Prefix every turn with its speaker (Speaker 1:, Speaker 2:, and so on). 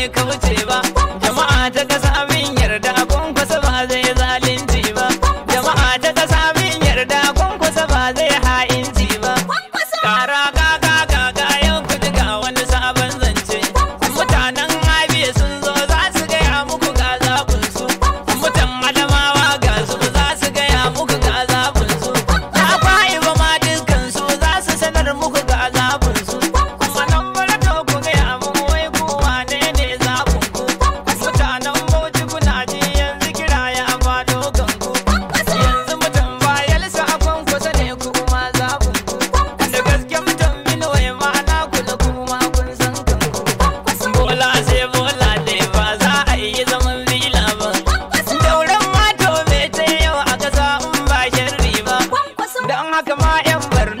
Speaker 1: ya kauce ba jama'a ta kasa abin yarda kwankwasa ba zai zalunci ba jama'a ta kasa abin yarda kwankwasa ba zai haye haka ma 'yan barna